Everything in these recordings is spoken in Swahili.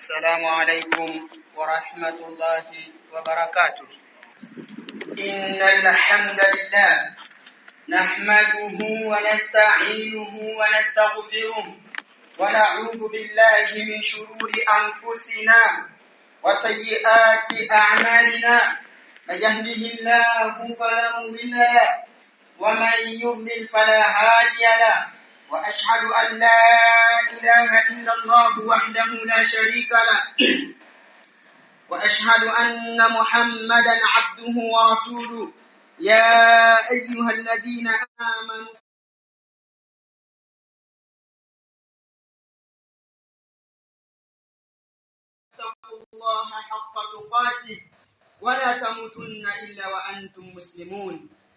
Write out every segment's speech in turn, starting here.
السلام عليكم ورحمة الله وبركاته إن الحمد لله نحمده ونستعينه ونستغفره ونعوذ بالله من شرور أنفسنا وسيئات أعمالنا من يهده الله فلا مضل له ومن يضلل فلا هادي له وأشهد أن لا إله إلا الله وحده لا شريك له وأشهد أن محمدا عبده ورسوله يا أيها الذين آمنوا اتقوا الله حق تقاته ولا تموتن إلا وأنتم مسلمون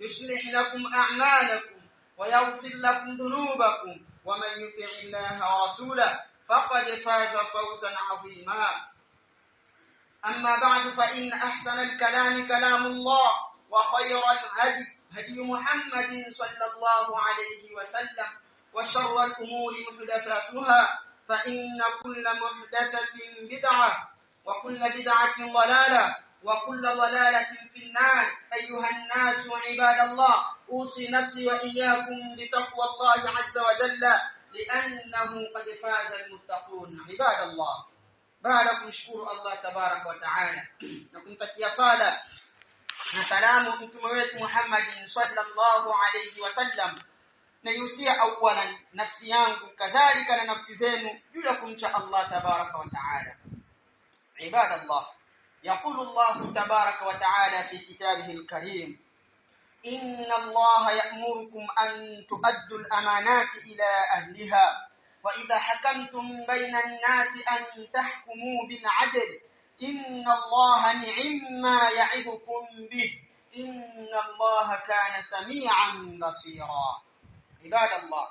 يصلح لكم أعمالكم ويغفر لكم ذنوبكم ومن يطع الله ورسوله فقد فاز فوزا عظيما أما بعد فإن أحسن الكلام كلام الله وخير الهدي هدي محمد صلى الله عليه وسلم وشر الأمور محدثاتها فإن كل محدثة بدعة وكل بدعة ضلالة وكل ضلالة في النار أيها الناس عباد الله أوصي نفسي وإياكم بتقوى الله عز وجل لأنه قد فاز المتقون عباد الله بارك شكر الله تبارك وتعالى نكون تكيا صالة نسلام أنتم محمد صلى الله عليه وسلم نيوسي أولا نفسي كذلك لنفسي زين يلكم شاء الله تبارك وتعالى عباد الله يقول الله تبارك وتعالى في كتابه الكريم إن الله يأمركم أن تؤدوا الأمانات إلى أهلها وإذا حكمتم بين الناس أن تحكموا بالعدل إن الله نعم ما يعظكم به إن الله كان سميعا بصيرا عباد الله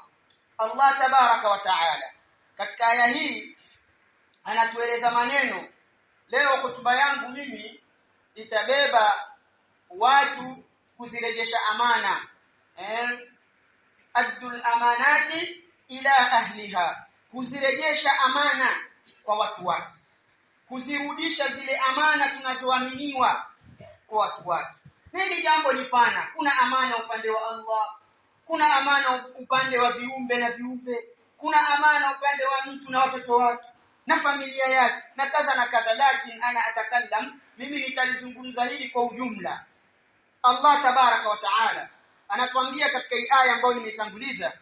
الله تبارك وتعالى katika aya hii anatueleza maneno leo hotuba yangu mimi itabeba watu kuzirejesha amana eh addul amanati ila ahliha kuzirejesha amana kwa watu wake kuzirudisha zile amana tunazoaminiwa kwa watu wake hili jambo ni pana kuna amana upande wa Allah kuna amana upande wa viumbe na viumbe kuna amana upande wa mtu na watoto wake na familia yake na kadha na kadha lakin ana atakallam mimi nitalizungumza hili kwa ujumla Allah tabaraka wa taala anatuambia katika aya ambayo nimetanguliza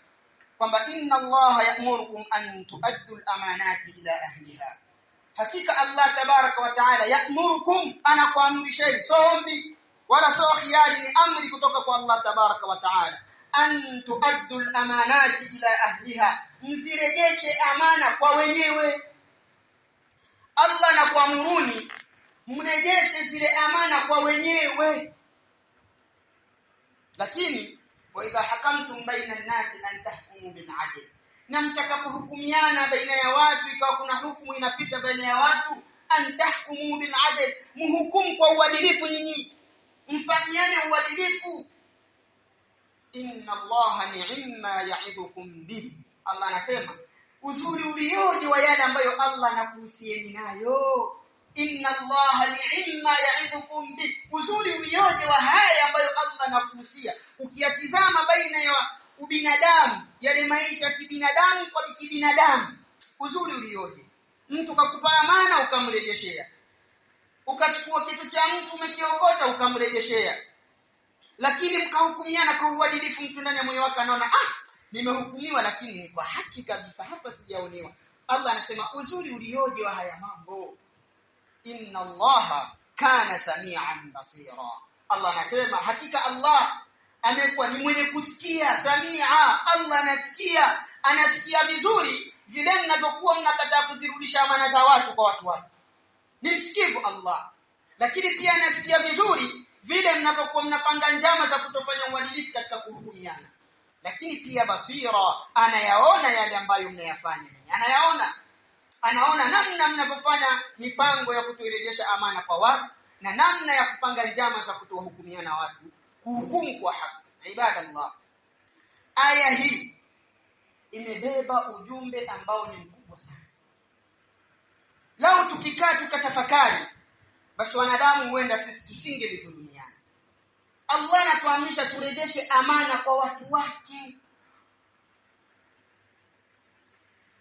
kwamba inna Allaha ya'murukum an tu'addu al-amanati ila ahliha hakika Allah tabaraka wa taala ya'murukum anakuamrisha sombi wala sio khiari ni amri kutoka kwa Allah tabaraka wa taala an tu'addu al-amanati ila ahliha mzirejeshe amana kwa wenyewe Allah na kuamuruni mrejeshe zile amana kwa wenyewe lakini wa idha hakamtum baina an-nasi an tahkumu bil adl na mtakapohukumiana baina ya watu ikawa kuna hukumu inapita baina ya watu an tahkumu bil adl muhukumu kwa uadilifu nyinyi mfanyiane uadilifu inna allaha ni'ma ya'idhukum bihi allah anasema uzuri ulioje wa yale ambayo Allah anakuhusieni nayo inna Allah li'imma ya'idukum bi uzuri ulioje wa haya ambayo Allah anakuhusia ukiyatizama baina ya ubinadamu yale maisha kibinadamu kwa kibinadamu uzuri ulioje mtu kakupa amana ukamrejeshea ukachukua kitu cha mtu umekiongoza ukamrejeshea lakini mkahukumiana kwa uadilifu mtu ndani ya moyo wake anaona ah nimehukumiwa lakini ni kwa haki kabisa hapa sijaonewa Allah anasema uzuri ulioje wa haya mambo inna allaha kana samian basira Allah anasema hakika Allah amekuwa ni mwenye kusikia samia Allah anasikia anasikia vizuri vile mnapokuwa mnakataa kuzirudisha amana za watu kwa watu wao ni msikivu Allah lakini pia anasikia vizuri vile mnapokuwa mnapanga njama za kutofanya uadilifu katika kuhukumiana lakini pia basira anayaona yale ambayo mnayafanya anayaona anaona namna mnapofanya mipango ya kuturejesha amana kwa watu na namna ya kupanga njama za na watu kuhukumu kwa haki ibadallah aya hii imebeba ujumbe ambao ni mkubwa sana lau tukikaa tukatafakari basi wanadamu huenda sisi tusingelidhulumu Allah anatuhamisha turejeshe amana kwa watu wake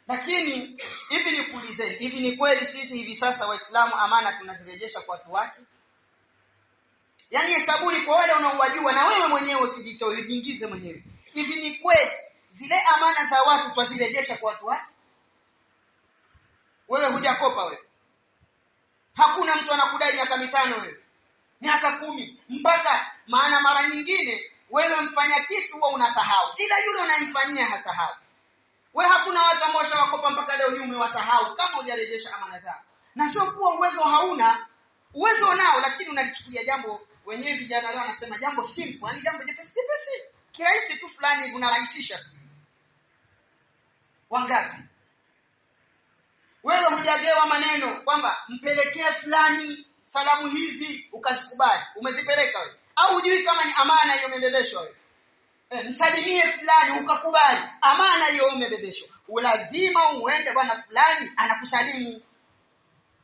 lakini hivi kuulize, hivi ni kweli sisi hivi sasa waislamu amana tunazirejesha kwa watu wake yaani hesabuni kwa wale unaowajua na wewe mwenyewe usijitoe ujiingize mwenyewe hivi ni kweli zile amana za watu twazirejesha kwa watu wake wewe hujakopa wewe hakuna mtu anakudai miaka mitano wewe miaka kumi mpaka maana mara nyingine wewe mfanya kitu huwa unasahau ila yule unayemfanyia hasahau we hakuna watu ambao wakopa mpaka leo yume wasahau kama hujarejesha amana zako na sio kuwa uwezo hauna uwezo nao, lakini unalichukulia jambo wenyewe vijana leo wanasema jambo simple yani jambo jepesi jepesi kirahisi tu fulani unarahisisha tu. wangapi wewe hujagewa maneno kwamba mpelekee fulani salamu hizi ukazikubali umezipeleka wewe au hujui kama ni amana hiyo umebebeshwa wewe eh, msalimie fulani ukakubali amana hiyo umebebeshwa lazima uende bwana fulani anakusalimu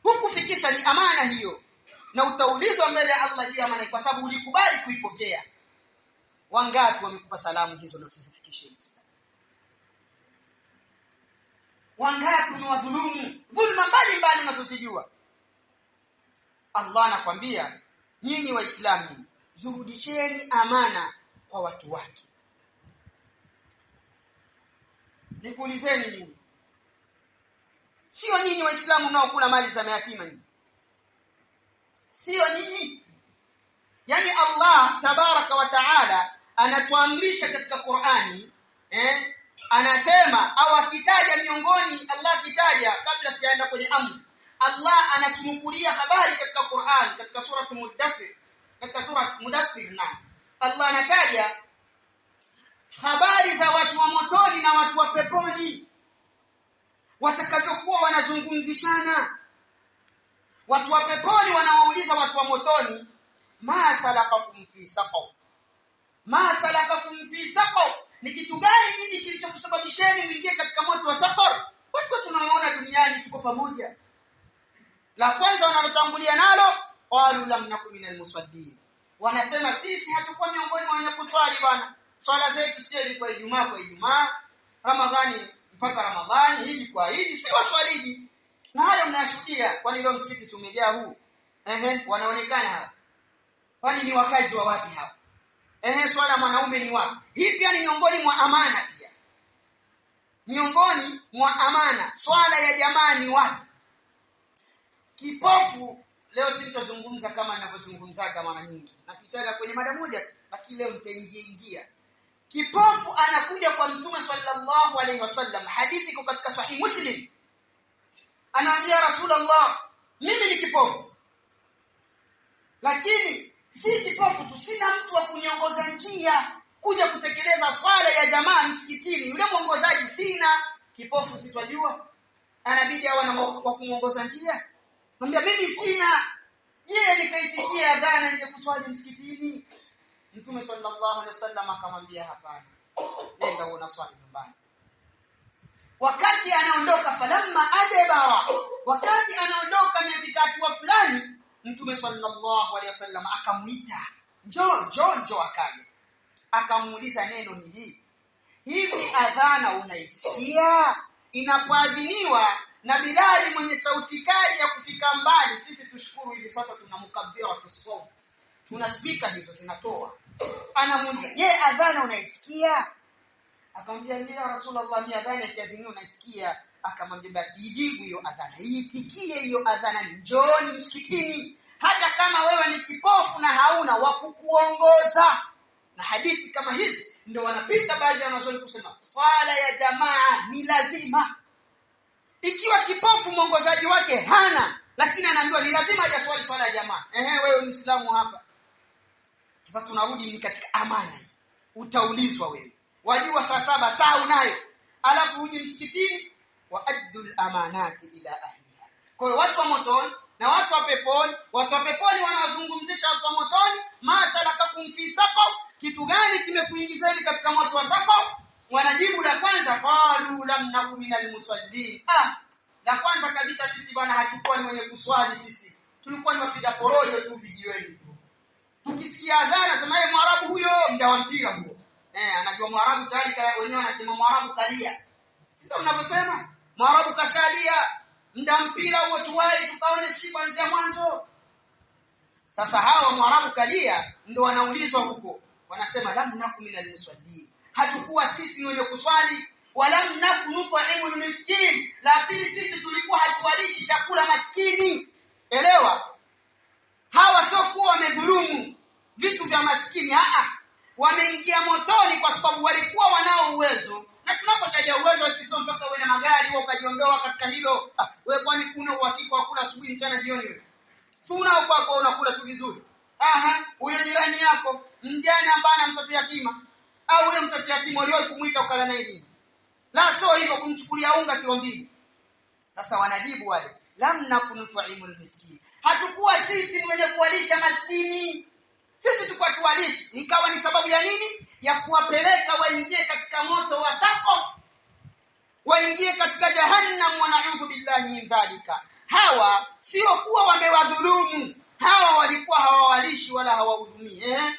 hukufikisha ni amana hiyo na utaulizwa mbele ya Allah juu ya amana kwa sababu ulikubali kuipokea wangapi wamekupa salamu hizo na usizifikishe wangapi wadhulumu dhulma mbalimbali unazozijua Allah anakwambia nyinyi waislamu zuhudisheni amana kwa watu wake nikuulizeni nini? sio nyinyi waislamu mnaokula mali za mayatima nyinyi sio nyinyi yani Allah tabaraka wa taala anatuamrisha katika Qur'ani eh anasema au akitaja miongoni Allah kitaja kabla sijaenda kwenye amri Allah anatunukulia habari katika Qur'an katika sura Mudaththir katika sura Mudathir na Allah anataja habari za watu wa motoni na watu wa peponi watakachokuwa wanazungumzishana watu wa peponi wanawauliza watu wa motoni ma salaka fi ma salaka fi ni kitu gani hiki kilichokusababisheni muingie katika moto wa saqar watu tunaoona duniani tuko pamoja la kwanza wanatangulia nalo qalu lam nakum minal musallin wanasema sisi hatukuwa miongoni mwa wenye kuswali bwana swala zetu si kwa ijumaa kwa ijumaa ramadhani mpaka ramadhani hivi kwa hiji si waswaliji na hayo mnashuhudia kwa nini msikiti umejaa huu ehe wanaonekana hapa kwani ni wakazi wa wapi hapa ehe swala mwanaume ni wapi hii pia ni miongoni mwa amana pia miongoni mwa amana swala ya jamaa ni wapi kipofu leo sitozungumza kama ninavyozungumzaga mara nyingi napitaga kwenye mada moja lakini leo nitaingia kipofu anakuja kwa mtume sallallahu alaihi wasallam hadithi iko katika sahihi muslim anaambia rasulullah mimi ni kipofu lakini si kipofu tu sina mtu wa kuniongoza njia kuja kutekeleza swala ya jamaa msikitini yule mwongozaji sina kipofu sitwajua anabidi awe na wa kumuongoza njia Mwambia mimi sina. Yeye nikaitikia adhana ningekuswali msikitini? Mtume sallallahu alaihi wasallam akamwambia hapana. Nenda swali nyumbani. Wakati anaondoka falamma adebawa wakati anaondoka miaka wa fulani, Mtume sallallahu alaihi wasallam akamuita, njoo njoo njoo akaje. Akamuuliza neno ni hili. Hivi adhana unaisikia? Inapoadhiniwa na Bilali mwenye sauti kali ya kufika mbali sisi tushukuru hivi sasa tunamkabia watu sauti tuna spika hizo zinatoa anamuuliza je adhana unaisikia akamwambia ndio rasulullah ni adhana ya unaisikia akamwambia basi ijibu hiyo adhana iitikie hiyo adhana njoni msikini, hata kama wewe ni kipofu na hauna wa kukuongoza na hadithi kama hizi ndio wanapita baadhi ya wanazoni kusema swala ya jamaa ni lazima ikiwa kipofu mwongozaji wake hana lakini anaambiwa ni lazima ajaswali swala ya jamaa ehe wewe muislamu hapa sasa tunarudi ni katika amana utaulizwa wewe wajua saa saba saa unayo alafu uje msikitini wa addul amanati ila ahliha kwa hiyo watu wa motoni na watu wa peponi watu wa peponi wanawazungumzisha watu wa motoni masalakakum kakumfisa kitu gani kimekuingizeni katika moto wa saqaf wanajibu la kwanza qalu lam nakum minal musallin ah la kwanza kabisa sisi bwana hatukua ni wenye kuswali sisi tulikuwa ni wapiga porojo tu vijiweni tukisikia adhana sema yeye eh, mwarabu huyo mtawampiga huo eh anajua mwarabu tayari kaya wenyewe wanasema mwarabu kalia sio unavyosema mwarabu kashalia mda mpira huo tuwali tukaone si kuanzia mwanzo sasa hao mwarabu kalia ndio wanaulizwa huko wanasema lam nakum minal musallin hatukuwa sisi ni wenye kuswali walam nakunu taimul miskini la pili sisi tulikuwa hatuwalishi chakula maskini elewa hawa sio kuwa wamedhulumu vitu vya maskini a wameingia motoni kwa sababu walikuwa wanao uwezo na tunapotaja uwezo sio mpaka uwe na magari au ukajiondoa katika hilo ah, wewe kwani kuna uhakika wa kula asubuhi mchana jioni wewe tuna tunao kwako unakula tu vizuri aha huyo jirani yako mjane ambaye anampatia kima au yule mtoto yatima uliwahi kumwita ukala naye nini la sio hivyo kumchukulia unga kilo mbili sasa wanajibu wale lam nakunu tuimul hatukuwa sisi ni wenye kuwalisha maskini sisi tukua tuwalishi ikawa ni sababu ya nini ya kuwapeleka waingie katika moto wa sako waingie katika jahannam wanaudhu billahi min dhalika hawa sio kuwa wamewadhulumu hawa walikuwa hawawalishi wala hawahudumii eh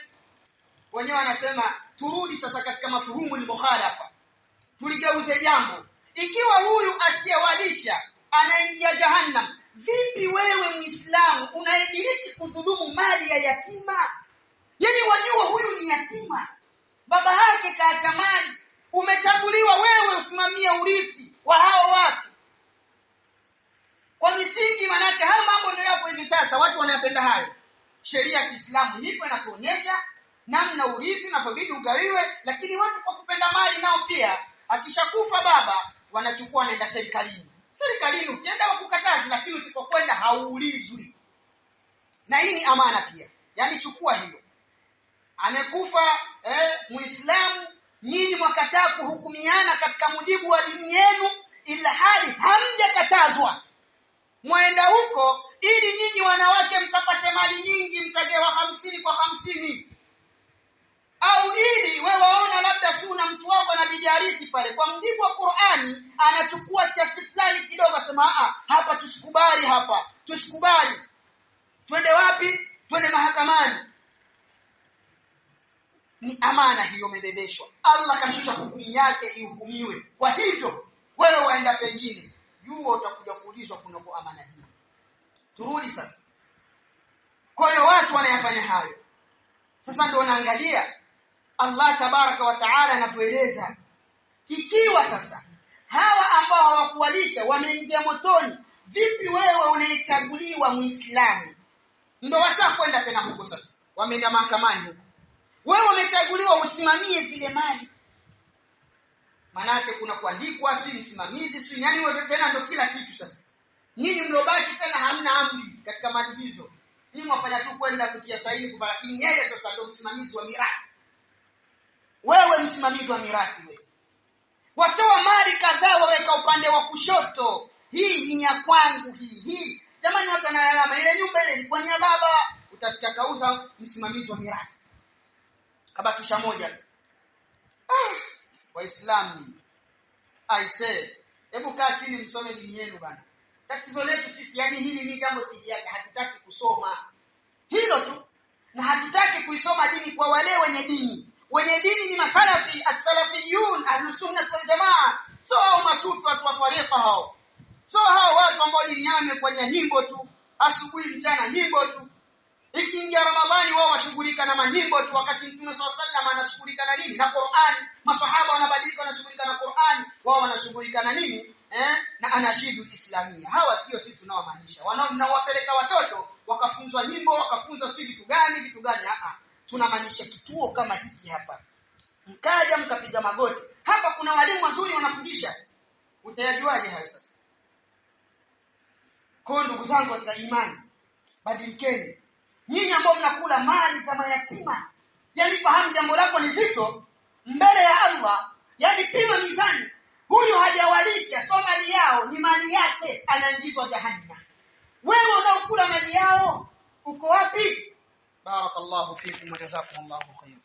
wenyewe wanasema turudi sasa katika mafuhumu ni mukhalafa tuligeuze jambo ikiwa huyu asiyewalisha anaingia jahannam vipi wewe muislamu unaidiriki kudhulumu mali ya yatima yani wajua huyu ni yatima baba yake kaacha mali umechaguliwa wewe usimamie urithi wa hao watu kwa misingi manake haya mambo ndio yapo hivi sasa watu wanayapenda hayo sheria ya Kiislamu ipo inakuonyesha namna urithi unapobidi ugawiwe lakini watu kwa kupenda mali nao pia akishakufa baba wanachukua wanaenda serikalini serikalini ukienda wakukatazi lakini usipokwenda hauulizwi na hii ni amana pia yani chukua hilo amekufa eh, muislamu nyinyi mwakataa kuhukumiana katika mujibu wa dini yenu ila hali hamjakatazwa mwaenda huko ili nyinyi wanawake mkapate mali nyingi mkagewa hamsini kwa hamsini au ili we waona labda si una mtu wako anabijarithi pale kwa mjibu wa Qur'ani anachukua kiasi fulani kidogo asema ah, hapa tusikubali hapa tusikubali twende wapi twende mahakamani ni amana hiyo imebebeshwa Allah kashusha hukumu yake ihukumiwe kwa hivyo wewe waenda pengine jua utakuja kuulizwa kuna kwa amana hii turudi sasa kwa hiyo watu wanayafanya hayo sasa ndio wanaangalia Allah tabaraka wa taala anatueleza kikiwa sasa hawa ambao hawakuwalisha wameingia motoni vipi wewe unayechaguliwa muislamu ndo washakwenda tena huko sasa wameenda mahakamani huko wewe umechaguliwa usimamie zile mali manake kuna kuandikwa si msimamizi si yani wewe tena ndo kila kitu sasa nini mlobaki tena hamna amri katika mali hizo ni mwafanya tu kwenda kutia saini kwa lakini yeye sasa ndo msimamizi wa mirathi wewe msimamizi wa mirathi wewe watoa mali kadhaa waweka upande wa kushoto hii ni ya kwangu hii hii jamani watu wanalalama ile nyumba ile ilikuwa ni ya baba utasikia kauza msimamizi wa mirathi kabakisha moja ah, waislamu aise hebu kaa chini msome dini yenu bana tatizo letu sisi yani hili ni jambo sisi yake hatutaki kusoma hilo tu na hatutaki kuisoma dini kwa wale wenye dini wenye dini ni masalafi as-salafiyun ahlusunna wal jamaa so hao masufi watu wa tarefa hao so hao watu ambao dini yao imefanya nyimbo tu asubuhi mchana nyimbo tu ikiingia ramadhani wao washughulika na manyimbo tu wakati mtume swalla sallam anashughulika na nini na Qur'an maswahaba wanabadilika wanashughulika na Qur'an wao wanashughulika na nini eh na anashidu islamia hawa sio sisi tunaoamanisha wanao wanaowapeleka watoto wakafunzwa nyimbo wakafunzwa sisi vitu gani vitu gani a tunamaanisha kituo kama hiki hapa mkaja mkapiga magoti hapa kuna walimu wazuri wanafundisha utayajuaje hayo sasa kwa ndugu zangu katika imani badilikeni nyinyi ambao mnakula mali za mayatima yani fahamu jambo lako ni zito mbele ya Allah yani pima mizani huyu hajawalisha so mali yao ni mali yake anaingizwa jahannam wewe unaokula mali yao uko wapi بارك الله فيكم وجزاكم الله خيرا